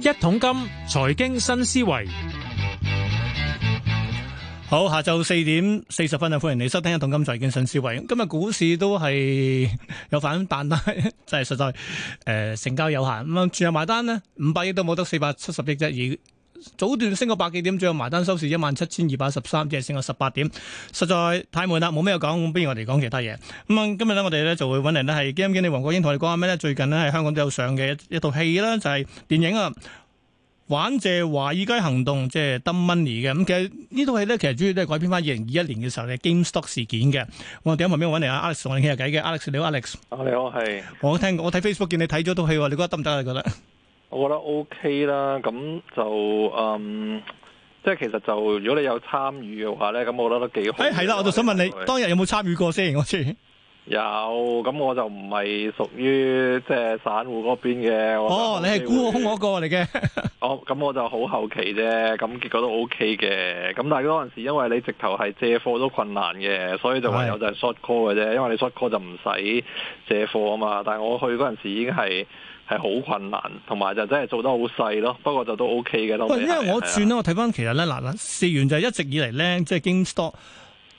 一桶金財經新思維，好，下晝四點四十分啊！歡迎你收聽一桶金財經新思維。今日股市都係有反彈，但係真係實在，誒、呃，成交有限咁啊，全日埋單呢，五百億都冇得四百七十億啫，而已。早段升個百幾點，最後埋單收市一萬七千二百十三，即係升個十八點，實在太悶啦，冇咩講，咁不如我哋講其他嘢。咁、嗯、今日咧，我哋咧就會揾嚟呢係 game game，你黃國英同你講下咩咧？最近呢係香港都有上嘅一套戲啦，就係、是、電影啊《玩謝華爾街行動》就是，即、嗯、係《Dumb Money》嘅。咁其實戲呢套戲咧，其實主要都係改編翻二零二一年嘅時候嘅 Game Stop 事件嘅、嗯。我哋喺旁邊揾嚟啊 Alex，我哋傾下偈嘅 Alex，你好 Alex、啊。你好，係。我聽我睇 Facebook 見你睇咗套戲，你覺得得唔得啊？你覺得？ 我覺得 OK 啦，咁就嗯，即係其實就如果你有參與嘅話呢，咁我覺得都幾好。誒、欸，係啦，我就想問你，你當日有冇參與過先？我知 有，咁我就唔係屬於即係散戶嗰邊嘅。哦，你係沽我空我嗰個嚟嘅。咁、 oh, 我就好後期啫，咁結果都 OK 嘅。咁但係嗰陣時因，因為你直頭係借貨都困難嘅，所以就唯有就係 short call 嘅啫。因為你 short call 就唔使借貨啊嘛。但係我去嗰陣時已經係。係好困難，同埋就真係做得好細咯。不過就都 O K 嘅啦。因為我轉啦，啊、我睇翻其實咧，嗱嗱，事源就一直以嚟咧，即、就、係、是、GameStop，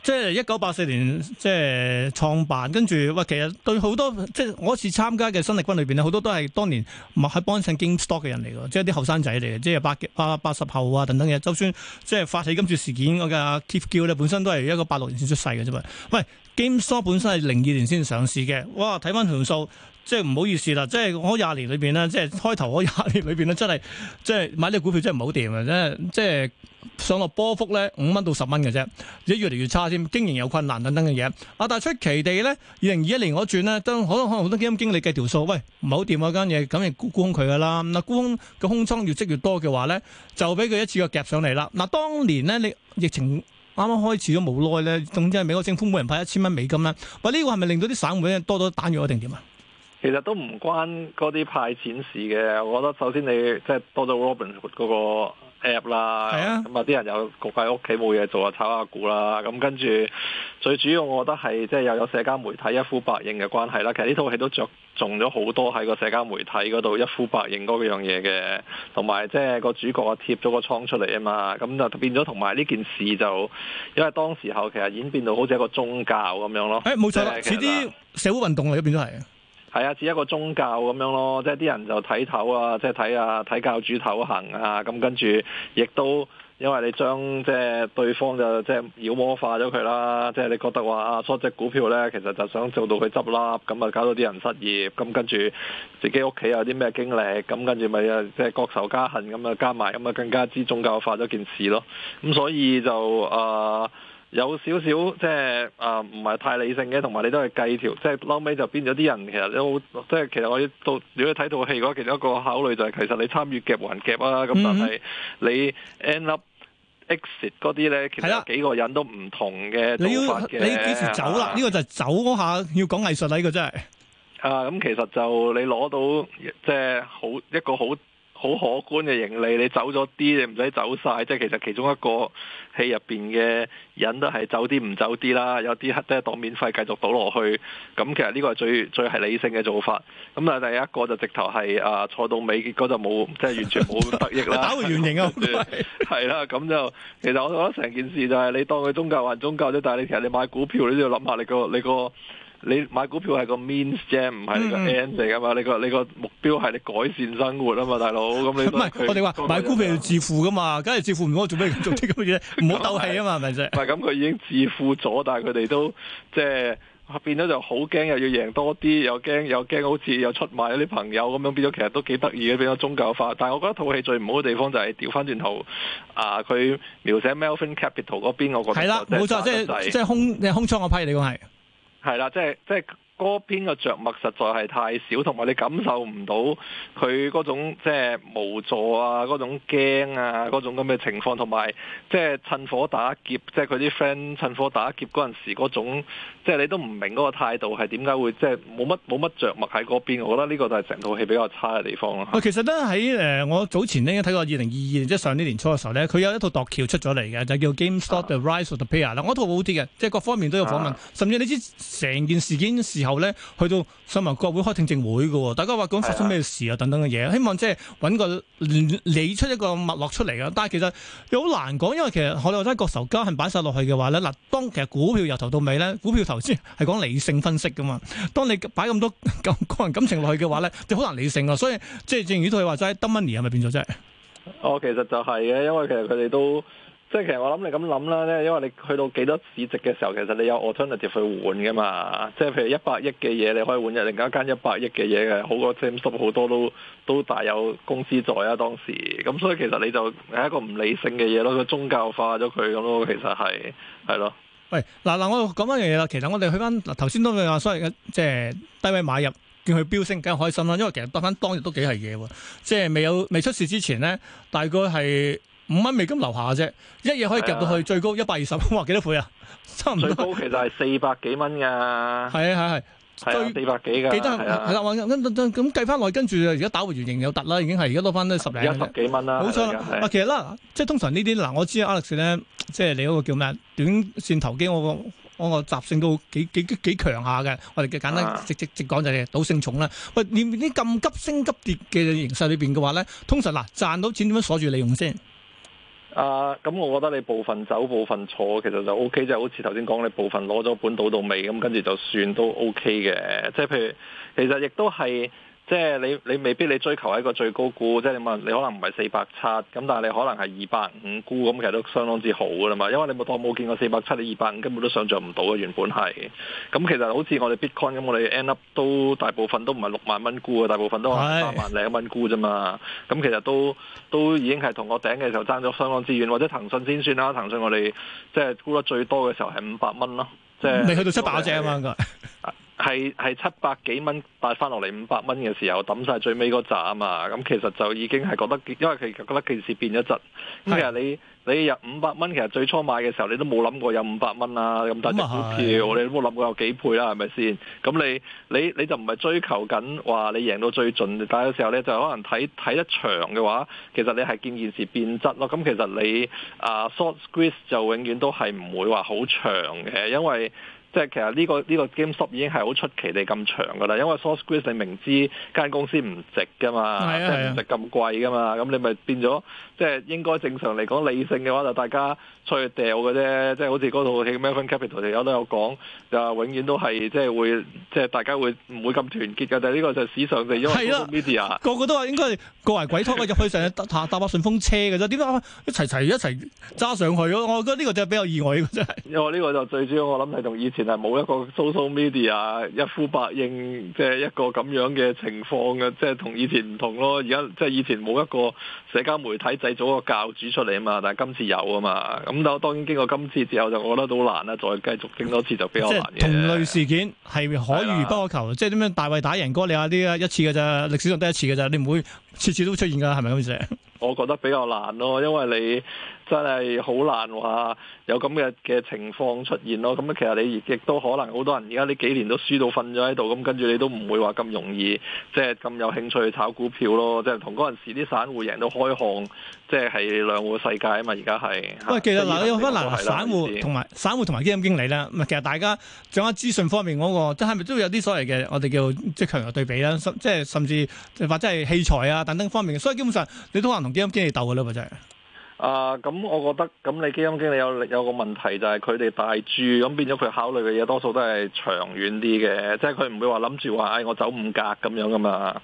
即係一九八四年即係創辦，跟住喂，其實對好多即係、就是、我一次參加嘅新力軍裏邊咧，好多都係當年咪係幫襯 GameStop 嘅人嚟噶，即係啲後生仔嚟嘅，即係八八八十後啊等等嘅。就算即係發起今次事件嗰個 Keith Gill 咧，本身都係一個八六年先出世嘅啫嘛。喂，GameStop 本身係零二年先上市嘅。哇，睇翻條數。即係唔好意思啦，即係我廿年裏邊咧，即係開頭我廿年裏邊咧，真係即係買呢個股票真係唔好掂嘅，即係即係上落波幅咧五蚊到十蚊嘅啫，而且越嚟越差添，經營有困難等等嘅嘢、啊。但係出奇地咧，二零二一年我轉咧都可能可能好多基金經理計條數，喂唔好掂嗰間嘢，咁咪沽空佢噶啦嗱，沽空嘅空倉越積越多嘅話咧，就俾佢一次過夾上嚟啦嗱。當年咧，你疫情啱啱開始咗冇耐咧，總之係美國政府每人派一千蚊美金啦。喂，呢個係咪令到啲省會多咗彈藥定點啊？其實都唔關嗰啲派錢事嘅，我覺得首先你即係多咗 Robinhood 嗰個 app 啦，咁啊啲人有焗喺屋企冇嘢做啊，做炒下股啦，咁跟住最主要我覺得係即係又有社交媒體一呼百應嘅關係啦。其實呢套戲都着重咗好多喺個社交媒體嗰度一呼百應嗰樣嘢嘅，同埋即係個主角啊貼咗個倉出嚟啊嘛，咁就變咗同埋呢件事就，因為當時候其實演變到好似一個宗教咁樣咯。誒冇、哎、錯啦，其實似啲社會運動啊，都變咗係。係啊，只一個宗教咁樣咯，即係啲人就睇頭啊，即係睇下，睇教主頭行啊，咁跟住亦都因為你將即係對方就即係妖魔化咗佢啦，即係你覺得話啊，初隻股票咧，其實就想做到佢執笠，咁啊搞到啲人失業，咁跟住自己屋企有啲咩經歷，咁跟住咪啊即係國仇家恨咁啊加埋，咁啊更加之宗教化咗件事咯，咁所以就啊。呃有少少即係啊，唔、呃、係太理性嘅，同埋你都係計條，即係後尾就變咗啲人，其實你好，即係其實我要到如果睇套戲嗰，其中一個考慮就係其實你參與夾還夾啊，咁、嗯、但係你 end up exit 嗰啲咧，其實幾個人都唔同嘅做法嘅、嗯。你要，你幾時走啦？呢、啊、個就係走嗰下要講藝術，呢個真係啊，咁、呃、其實就你攞到即係好一個好。好可觀嘅盈利，你走咗啲，你唔使走晒，即係其實其中一個戲入邊嘅人都係走啲唔走啲啦，有啲都係當免費繼續倒落去，咁其實呢個係最最係理性嘅做法。咁啊，第一個就直頭係啊坐到尾，結果就冇即係完全冇得益啦。 打回原形啊，係啦的，咁 就其實我我覺得成件事就係、是、你當佢宗教還宗教啫，但係你其實你買股票，你都要諗下你個、那、你個。你那個你買股票係個 means 啫唔係呢個 end 嚟噶、嗯、嘛？你個呢個目標係你改善生活啊嘛，大佬，咁你都唔係我哋話買股票要致富噶嘛？梗係致富唔好，做咩做啲咁嘅嘢？唔好鬥氣啊嘛，係咪先？唔係咁，佢已經致富咗，但係佢哋都即係變咗就好驚，又要贏多啲，又驚又驚，好似又出賣啲朋友咁樣。變咗其實都幾得意嘅，變咗宗教化。但係我覺得套戲最唔好嘅地方就係調翻轉頭啊！佢、呃、描寫 Melvin Capital 嗰邊，我覺得係、就、啦、是，冇錯，錯即係即係是空即係空倉批你講係。係啦，即係即係。嗰邊嘅着墨實在係太少，同埋你感受唔到佢嗰種即係無助啊，種種驚啊，種種咁嘅情況，同埋即係趁火打劫，即係佢啲 friend 趁火打劫陣時種，即係你都唔明個態度係點解會即係冇乜冇乜着墨喺邊，我覺得呢個都係成套戲比較差嘅地方咯。喂，其實咧喺誒我早前咧睇過二零二二即係上年年初嘅時候咧，佢有一套《度橋》出咗嚟嘅，就叫《GameStop The Rise of the Player》啊。嗱，套好啲嘅，即係各方面都有訪問，啊、甚至你知成件事件時後咧，去到新聞國會開聽證會嘅喎，大家話講發生咩事啊，等等嘅嘢，的希望即係揾個理出一個脈絡出嚟嘅。但係其實又好難講，因為其實我哋話齋國仇家恨擺晒落去嘅話咧，嗱、嗯，當其實股票由頭到尾咧，股票投資係講理性分析嘅嘛。當你擺咁多咁個人感情落去嘅話咧，你好難理性啊。所以即係正如佢人話齋，Dumb Money 係咪變咗啫？我、哦、其實就係、是、嘅，因為其實佢哋都。即係其實我諗你咁諗啦，咧，因為你去到幾多市值嘅時候，其實你有 alternative 去換嘅嘛。即係譬如一百億嘅嘢，你可以換入另一間一百億嘅嘢嘅，好過 GameStop 好多，都都大有公司在啊。當時咁，所以其實你就係一個唔理性嘅嘢咯。佢宗教化咗佢咁咯，其實係，係咯。喂，嗱嗱，我講翻樣嘢啦。其實我哋去翻頭先都係話，所謂即係低位買入，叫佢飆升梗係開心啦。因為其實當翻當日都幾係嘢喎。即係未有未出事之前咧，大概係。五蚊美金留下啫，一嘢可以夾到去最高一百二十蚊或幾多倍啊？差唔多最高其實係四百幾蚊噶，係啊係係四百幾噶，記得係啦。咁計翻落去，跟住而家打回原形有突啦，已經係而家多翻都十零百幾蚊啦。冇錯其實啦，即係通常呢啲嗱，我知 Alex 咧，即係你嗰個叫咩短綫投機，我個我個習性都幾幾幾強下嘅。我哋嘅簡單直直直講就係賭性重啦。喂，你呢咁急升急跌嘅形勢裏邊嘅話咧，通常嗱賺到錢點樣鎖住利潤先？啊，咁我覺得你部分走部分坐其實就 O K，即係好似頭先講你部分攞咗本倒到尾，咁跟住就算都 O K 嘅，即係譬如其實亦都係。即係你你未必你追求喺個最高沽，即係你問你可能唔係四百七，咁但係你可能係二百五沽，咁其實都相當之好噶啦嘛，因為你冇當冇見過四百七，你二百五根本都想象唔到嘅原本係。咁其實好似我哋 Bitcoin 咁，我哋 end up 都大部分都唔係六萬蚊沽啊，大部分都係三萬零蚊沽啫嘛。咁其實都都已經係同我頂嘅時候爭咗相當之遠，或者騰訊先算啦。騰訊我哋即係沽得最多嘅時候係五百蚊咯，即係未去到七百隻啊嘛。係係七百幾蚊帶翻落嚟五百蚊嘅時候，抌晒最尾嗰扎啊嘛！咁其實就已經係覺得，因為佢覺得件事變咗質。咁、嗯、其實你你入五百蚊，其實最初買嘅時候，你都冇諗過有五百蚊啦，咁大隻股票，是你都冇諗過有幾倍啦，係咪先？咁你你你就唔係追求緊話你贏到最盡，但有時候咧，就可能睇睇得長嘅話，其實你係見件事變質咯。咁、嗯、其實你啊 short squeeze 就永遠都係唔會話好長嘅，因為。即係其實呢、這個呢、這個 GameStop 已經係好出奇地咁長嘅啦，因為 source group 你明知間公司唔值嘅嘛，即係唔值咁貴嘅嘛，咁你咪變咗即係應該正常嚟講理性嘅話，就大家出去掉嘅啫。即、就、係、是、好似嗰套戲《Melvin Capital》條友都有講，就永遠都係即係會即係、就是、大家會唔會咁團結嘅？但係呢個就史上嘅，因為 Social Media 個個都話應該個個鬼拖我入去成日 搭搭把順風車嘅啫。點解一齊齊一齊揸上去？我覺得呢個就比較意外嘅真係。因為呢個就最主要我諗係同以前。以前係冇一個 social media 一呼百應，即係一個咁樣嘅情況嘅，即係同以前唔同咯。而家即係以前冇一個社交媒體製造個教主出嚟啊嘛，但係今次有啊嘛。咁但當然經過今次之後，就我覺得都好難啦，再繼續整多次就比較難。同類事件係可遇不可求，是的 即係點樣大衞打贏哥你啊啲啊一次嘅咋，歷史上第一次嘅咋，你唔會次次都出現㗎，係咪咁寫？我覺得比較難咯，因為你。真係好難話有咁嘅嘅情況出現咯。咁其實你亦都可能好多人而家呢幾年都輸到瞓咗喺度。咁跟住你都唔會話咁容易，即係咁有興趣去炒股票咯。即係同嗰陣時啲散戶贏到開巷，即係係兩個世界啊嘛。而家係。喂，其實嗱，又不嗱，散戶同埋散戶同埋基金經理咧，唔係其實大家掌握資訊方面嗰個，即係咪都有啲所謂嘅我哋叫即係強弱對比啦，即係甚至或者係器材啊等等方面，所以基本上你都可能同基金經理鬥噶啦，其實、就係。啊，咁、呃、我覺得咁你基金經理有有個問題就係佢哋大住咁，變咗佢考慮嘅嘢多數都係長遠啲嘅，即係佢唔會話諗住話，誒、哎、我走五格咁樣㗎嘛，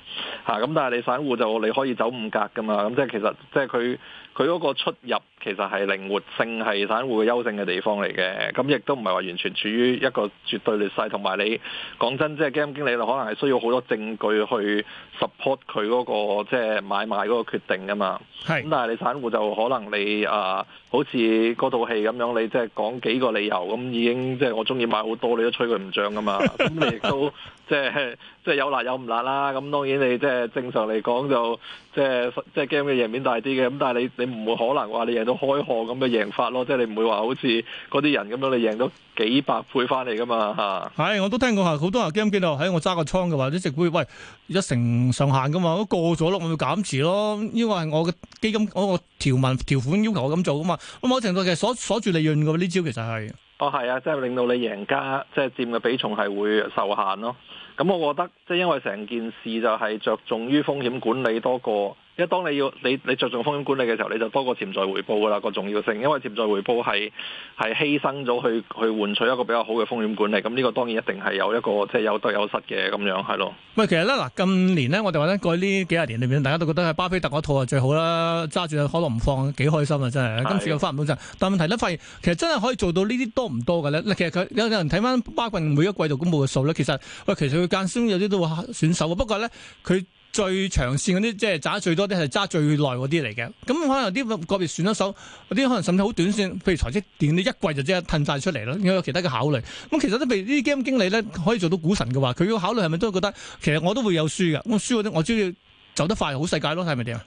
嚇，咁但係你散戶就你可以走五格㗎嘛，咁即係其實即係佢佢嗰個出入。其實係靈活性係散戶嘅優勝嘅地方嚟嘅，咁亦都唔係話完全處於一個絕對劣勢。同埋你講真，即係基金經理，你可能係需要好多證據去 support 佢嗰個即係買賣嗰個決定㗎嘛。係是，咁但係你散戶就可能你啊、呃，好似嗰套戲咁樣，你即係講幾個理由咁，已經即係我中意買好多，你都吹佢唔漲㗎嘛。咁你亦都即係。 即係有辣有唔辣啦，咁當然你即係正常嚟講就即係即係 GME 嘅贏面大啲嘅，咁但係你你唔會可能話你贏到開巷咁嘅贏法咯，即係你唔會話好似嗰啲人咁樣你贏到幾百倍翻嚟噶嘛嚇。係，我都聽過嚇，好多話 GME 邊度喺我揸個倉嘅話，啲值會喂一成上限噶嘛，都過咗咯，我要減持咯，因為我嘅基金我個條文條款要求我咁做噶嘛，咁某程度其實鎖鎖住利潤嘅呢招其實係。哦，係啊，即係令到你贏家即係佔嘅比重係會受限咯。咁我覺得，即係因為成件事就係着重於風險管理多過。因為當你要你你著重風險管理嘅時候，你就多過潛在回報㗎啦，個重要性。因為潛在回報係係犧牲咗去去換取一個比較好嘅風險管理。咁呢個當然一定係有一個即係、就是、有得有失嘅咁樣係咯。喂，其實咧嗱，近年呢，年我哋話咧過呢幾十年裏面，大家都覺得係巴菲特嗰套係最好啦，揸住可樂唔放，幾開心啊真係。的今次又翻唔到身，但問題呢，發現其實真係可以做到多多呢啲多唔多㗎咧？其實佢有有人睇翻巴郡每一季度公佈嘅數咧，其實喂，其實佢間中有啲都會選手，不過咧，佢最長線嗰啲，即係揸最多啲係揸最耐嗰啲嚟嘅。咁可能有啲個別選咗手，嗰啲可能甚至好短線，譬如財積電你一季就即刻褪晒出嚟咯。應該有其他嘅考慮。咁其實都譬如啲 game 經理咧，可以做到股神嘅話，佢要考慮係咪都覺得其實我都會有輸嘅。咁輸嗰啲我主要走得快好世界咯，係咪點啊？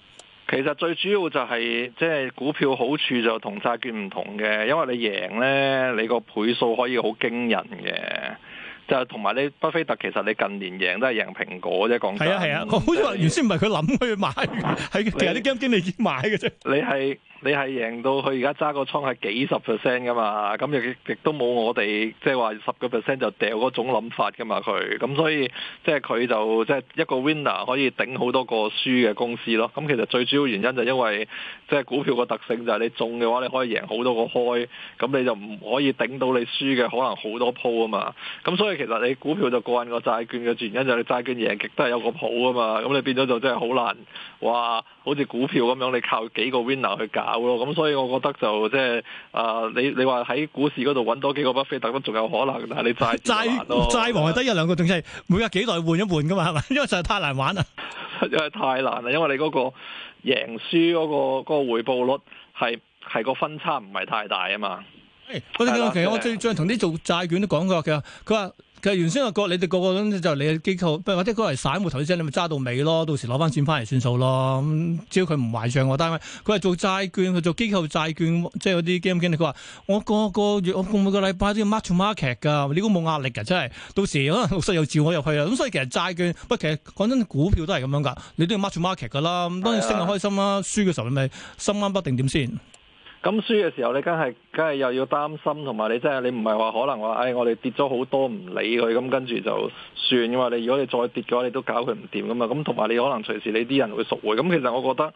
其實最主要就係即係股票好處就同債券唔同嘅，因為你贏咧，你個倍數可以好驚人嘅。就係同埋你，巴菲特其實你近年贏都係贏蘋果啫，講真。係啊係啊，好似話原先唔係佢諗去買，係其實啲經理已經買嘅啫。你係你係贏到佢而家揸個倉係幾十 percent 噶嘛？咁亦亦都冇我哋即係話十個 percent 就掉嗰種諗法噶嘛？佢咁所以即係佢就即係一個 winner 可以頂好多個輸嘅公司咯。咁其實最主要原因就係因為即係股票個特性就係你中嘅話你可以贏好多個開，咁你就唔可以頂到你輸嘅可能好多鋪啊嘛。咁所以。其實你股票就慣過癮過債券嘅原因就你債券贏極都係有個譜啊嘛，咁你變咗就真係好難話，好似股票咁樣，你靠幾個 winner 去搞咯，咁所以我覺得就即係啊，你你話喺股市嗰度搵多幾個巴菲特都仲有可能，但係你債債咯，債王得一兩個仲係每日幾代換一換噶嘛，係咪？因為實在太難玩啊，因為太難啦，因為你嗰個贏輸嗰個、嗰個回報率係係個分差唔係太大啊嘛。我其實我最最近同啲做債券都講過嘅，佢話其實原先我哋你哋個個都就你嘅機構，或者佢係散戶頭先，你咪揸到尾咯，到時攞翻錢翻嚟算數咯。咁只要佢唔壞賬，但係，佢係做債券，佢做機構債券，即係嗰啲基金經理，佢話我個個月我個每個禮拜都要 market market 噶，你估冇壓力噶，真係。到時可能老細又召我入去啊。咁所以其實債券，不過其實講真，股票都係咁樣噶，你都要 market market 噶啦。咁當然升就開心啦，輸嘅時候你咪心安不定點先。咁輸嘅時候，你梗係梗係又要擔心，同埋你真係你唔係話可能話，誒、哎、我哋跌咗好多唔理佢，咁跟住就算嘅嘛。你如果你再跌嘅話，你都搞佢唔掂噶嘛。咁同埋你可能隨時你啲人會贖回。咁其實我覺得。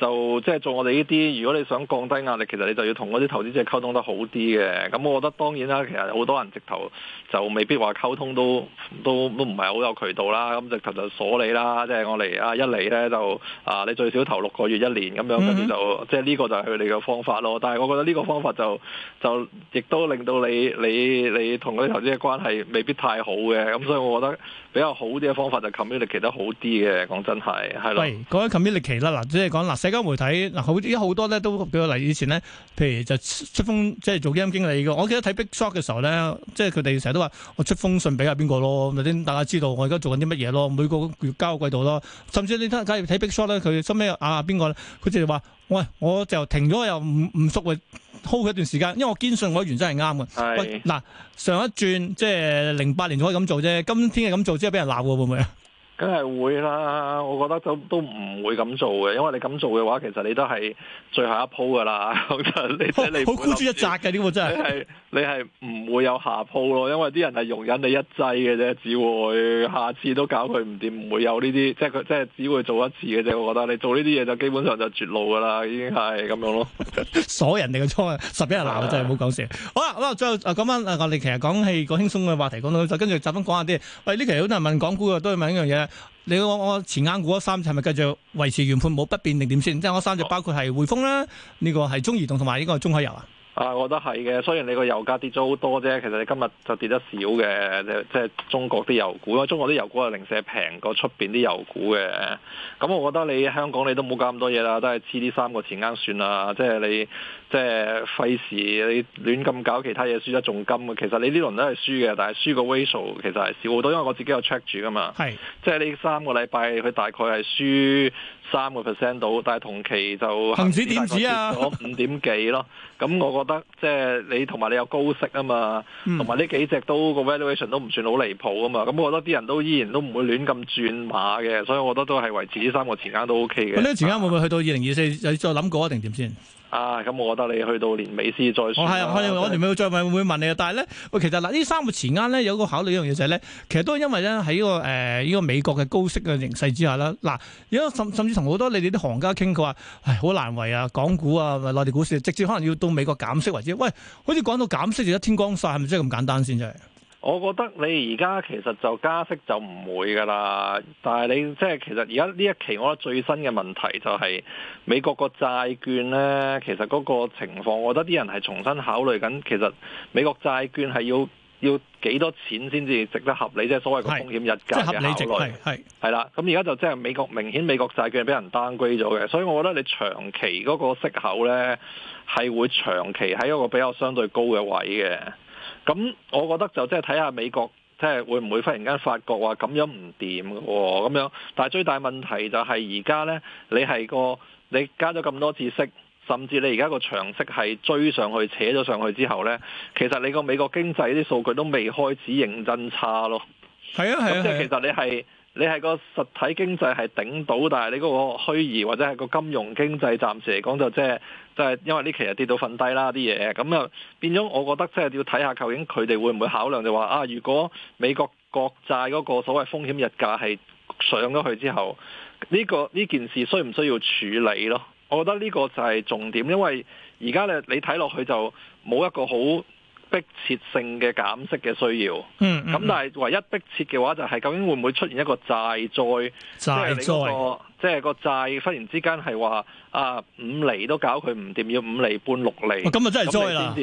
就即係做我哋呢啲，如果你想降低壓力，其實你就要同嗰啲投資者溝通得好啲嘅。咁、嗯、我覺得當然啦，其實好多人直頭就未必話溝通都都都唔係好有渠道啦。咁直頭就鎖你啦，即係我哋啊一嚟咧就啊你最少投六個月一年咁樣，跟住、嗯嗯、就即係呢個就係佢哋嘅方法咯。但係我覺得呢個方法就就亦都令到你你你同嗰啲投資者關係未必太好嘅。咁、嗯、所以我覺得比較好啲嘅方法就 communicate 得好啲嘅。講真係係咯。喂，講起 communicate 啦嗱，即係講嗱。社交媒體嗱，好而家好多咧都，比較嚟以前咧，譬如就出封，即係做基金經理嘅。我記得睇 Big Short 嘅時候咧，即係佢哋成日都話：我出封信俾下邊個咯，頭先大家知道我而家做緊啲乜嘢咯，每個月交個季度咯。甚至你睇，假如睇 Big Short 咧，佢收尾啊邊個咧？佢、啊、就話：喂，我就停咗又唔唔縮嘅，hold 佢一段時間，因為我堅信我嘅原則係啱嘅。係嗱是，上一轉即係零八年就可以咁做啫，今天咁做即係俾人鬧喎，會唔會啊？梗係會啦，我覺得都都唔會咁做嘅，因為你咁做嘅話，其實你都係最後一鋪噶啦。我覺得 你好孤注一擲嘅呢個真係 你係唔會有下鋪咯，因為啲人係容忍你一劑嘅啫，只會下次都搞佢唔掂，唔會有呢啲，即係即係只會做一次嘅啫。我覺得你做呢啲嘢就基本上就絕路噶啦，已經係咁樣咯，鎖 人哋嘅倉，十一鬧真係冇講笑。好啦，好啦，最後講翻我哋其實講氣講輕鬆嘅話題講到就，跟住集翻講,講,講下啲。喂，呢期好多人問港股啊，都係問,問,問一樣嘢。你我我前啱估咗三隻，咪繼續維持原判冇不變定點先？即係我三隻包括係匯豐啦，呢、哦、個係中移動同埋呢個係中海油啊？啊，我覺得係嘅。雖然你個油價跌咗好多啫，其實你今日就跌得少嘅。即即係中國啲油股，因為中國啲油股係零舍平過出邊啲油股嘅。咁我覺得你香港你都冇搞咁多嘢啦，都係黐呢三個前啱算啦。即係你。即係費事你亂咁搞其他嘢，輸得仲甘嘅。其實你呢輪都係輸嘅，但係輸個位數其實係少好多，因為我自己有 check 住噶嘛。係是即係你三個禮拜佢大概係輸三個 percent 到，但係同期就恆指點止啊跌咗五點幾咯。咁 我覺得即係你同埋你有高息啊嘛，同埋呢幾隻都個 valuation 都唔算好離譜啊嘛。咁我覺得啲人都依然都唔會亂咁轉馬嘅，所以我覺得都係維持呢三個時間都 O K 嘅。呢個時間會唔會去到二零二四又再諗過一定點先？啊，咁我覺得你去到年尾先再算。啊啊啊。我我年尾會再問會唔會問你啊？但係咧，喂，其實嗱，呢、呃、三個前啱咧有個考慮一樣嘢就係咧，其實都係因為咧喺個誒呢、呃、個美國嘅高息嘅形勢之下啦。嗱、呃，有甚甚至同好多你哋啲行家傾，佢話唉，好難為啊，港股啊，內地股市直接可能要到美國減息為止。喂，好似講到減息就一天光晒，係咪真係咁簡單先？真係？我覺得你而家其實就加息就唔會噶啦，但係你即係其實而家呢一期我覺得最新嘅問題就係美國個債券呢。其實嗰個情況，我覺得啲人係重新考慮緊，其實美國債券係要要幾多錢先至值得合理，即係所謂個風險日價嘅考慮。係係啦，咁而家就即、是、係美國明顯美國債券俾人 downgrade 咗嘅，所以我覺得你長期嗰個息口呢，係會長期喺一個比較相對高嘅位嘅。咁，我覺得就即係睇下美國，即係會唔會忽然間發覺話咁樣唔掂喎，咁樣。但係最大問題就係而家呢，你係個你加咗咁多次息，甚至你而家個長息係追上去扯咗上去之後呢，其實你個美國經濟啲數據都未開始認真差咯。係啊係啊，即係、啊啊、其實你係。你係個實體經濟係頂到，但係你嗰個虛擬或者係個金融經濟，暫時嚟講就即係，就係因為呢期又跌到瞓低啦啲嘢，咁啊變咗，我覺得即係要睇下究竟佢哋會唔會考量就話啊，如果美國國債嗰個所謂風險日價係上咗去之後，呢個呢件事需唔需要處理咯？我覺得呢個就係重點，因為而家咧你睇落去就冇一個好迫切性嘅減息嘅需要，咁、嗯嗯、但係唯一迫切嘅話就係、係、究竟會唔會出現一個債災，債災即係、你嗰個即係、就係、個債忽然之間係話啊五厘都搞佢唔掂，要五厘半六厘。咁、哦、就真係災啦。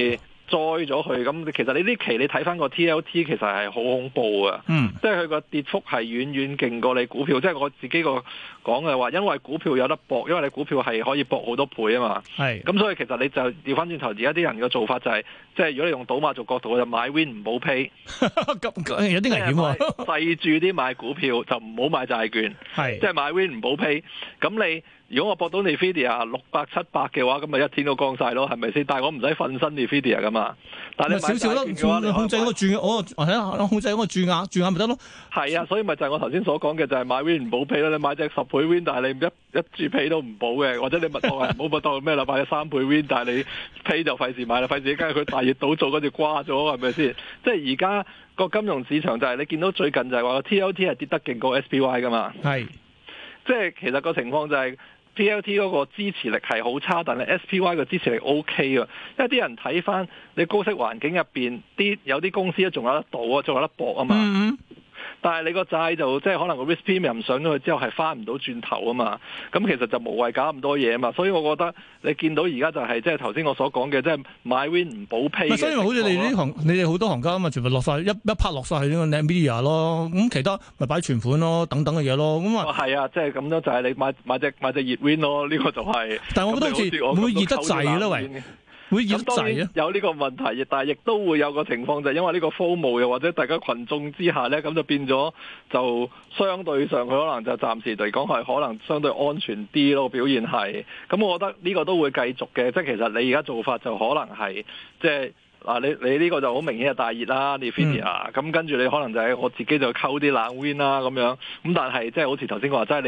栽咗佢，咁、嗯，其實你呢期你睇翻個 T L T 其實係好恐怖啊！嗯，即係佢個跌幅係遠遠勁過你股票。即、就、係、是、我自己個講嘅話，因為股票有得搏，因為你股票係可以搏好多倍啊嘛。係是。咁所以其實你就調翻轉頭，而家啲人嘅做法就係、是，即係如果你用賭馬做角度，就是、買 win 唔保 pay。 咁 有啲危險喎、啊， 細注啲買股票就唔好買債券。係是。即係買 win 唔保 pay，咁你。如果我博到你 Nvidia 啊六百七百嘅話，咁咪一天都降晒咯，係咪先？但係我唔使瞓身你 Nvidia 噶嘛。但係少少啦，小小你控制嗰注，買我睇下控制嗰注額，注額咪得咯。係啊，所以咪就係我頭先所講嘅，就係、是、買 win 唔保皮咯。你買隻十倍 win，但係你一一注皮都唔保嘅，或者你咪 當唔好咪當咩啦？買隻三倍 win，但係你 pay 就費事買啦，費事，因為佢大熱倒做嗰陣瓜咗，係咪先？即係而家個金融市場就係、是、你見到最近就係話 T.O.T 係跌得勁過 S.P.Y 噶嘛。係，即係其實個情況就係、是。P.L.T 嗰個支持力係好差，但係 S.P.Y 個支持力 O.K. 噶。因為啲人睇翻你高息環境入邊，啲有啲公司仲有得倒啊，仲有得搏啊嘛。嗯但係你個債就即係可能個 risk premium 上咗去之後係翻唔到轉頭啊嘛，咁其實就無謂搞咁多嘢啊嘛，所以我覺得你見到而家就係即係頭先我所講嘅即係買 win 唔保 pay。所以好似你呢行，你哋好多行家啊嘛，全部落晒，一一拍落晒去呢個 NVIDIA 咯，咁其他咪擺存款咯，等等嘅嘢咯，咁啊，啊。係啊，即係咁樣就係、是、你買買隻買隻熱 win 咯，呢、這個就係、是。但係我都好似會熱得滯啦、啊，喂。咁當然有呢個問題，亦但係亦都會有個情況，就係因為呢個服務又或者大家群眾之下呢，咁就變咗就相對上佢可能就暫時嚟講係可能相對安全啲咯。表現係，咁我覺得呢個都會繼續嘅，即係其實你而家做法就可能係即係。啊！你你呢個就好明顯係大熱啦，你 f i n t a，咁跟住你可能就係我自己就溝啲冷 win 啦，咁樣，咁但係即係好似頭先講話，即係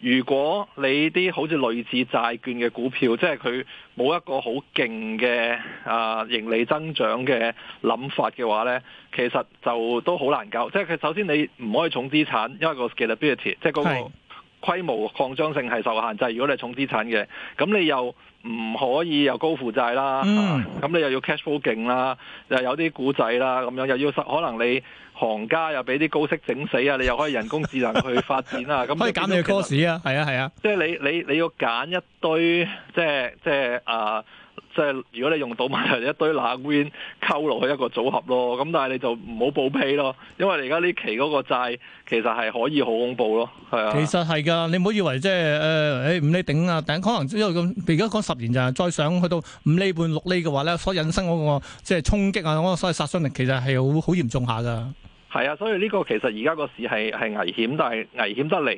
你如果你啲好似類似債券嘅股票，即係佢冇一個好勁嘅啊盈利增長嘅諗法嘅話咧，其實就都好難搞。即係佢首先你唔可以重資產，因為個 scalability 即係嗰個規模擴張性係受限制。如果你重資產嘅，咁你又。唔可以又高負債啦，咁、嗯啊、你又要 cash flow 勁啦，又有啲股仔啦，咁樣又要可能你行家又俾啲高息整死啊， 你又可以人工智能去發展啊，咁可以揀你嘅 course 啊，係啊係啊，即係你你你要揀一堆即係即係啊。呃即係如果你用到咪係一堆乸 wind 溝落去一個組合咯，咁但係你就唔好報批咯，因為而家呢期嗰個債其實係可以好恐怖咯，係啊。其實係噶，你唔好以為即係誒，五厘頂啊，頂可能因為咁，而家講十年就係再上去到五厘半六厘嘅話咧，所引申嗰個即係衝擊啊，嗰個所謂殺傷力其實係好好嚴重下㗎。係啊，所以呢個其實而家個市係係危險，但係危險得嚟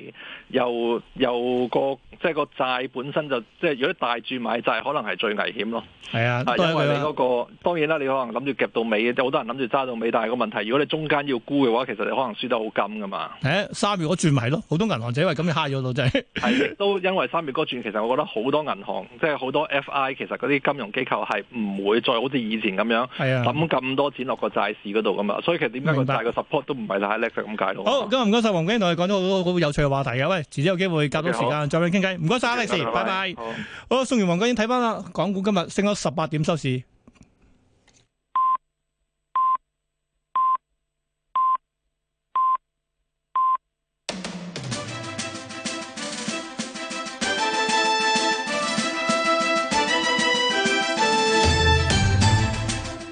又又個即係個債本身，就即係如果大轉買債可能係最危險咯。係啊的，因為你嗰、嗰個的當然啦，你可能諗住夾到尾，即好多人諗住揸到尾，但係個問題如果你中間要沽嘅話，其實你可能輸得好金噶嘛。誒，三月嗰轉咪咯，好多銀行就因為咁而蝦咗到真係 都因為三月嗰轉，其實我覺得好多銀行即係好多 FI 其實嗰啲金融機構係唔會再好似以前咁樣抌咁的多錢落個債市嗰度噶嘛。所以其實點解個債個都唔係啦，Alex 咁解咯。好，今日唔該曬黃國英，同我哋講咗好多好有趣嘅話題嘅。喂，遲啲有機會夾多時間再揾你傾偈。唔該曬，Alex，拜拜。好，送完黃國英，睇翻啦。港股今日升咗十八點收市。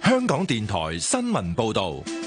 香港電台新聞報導。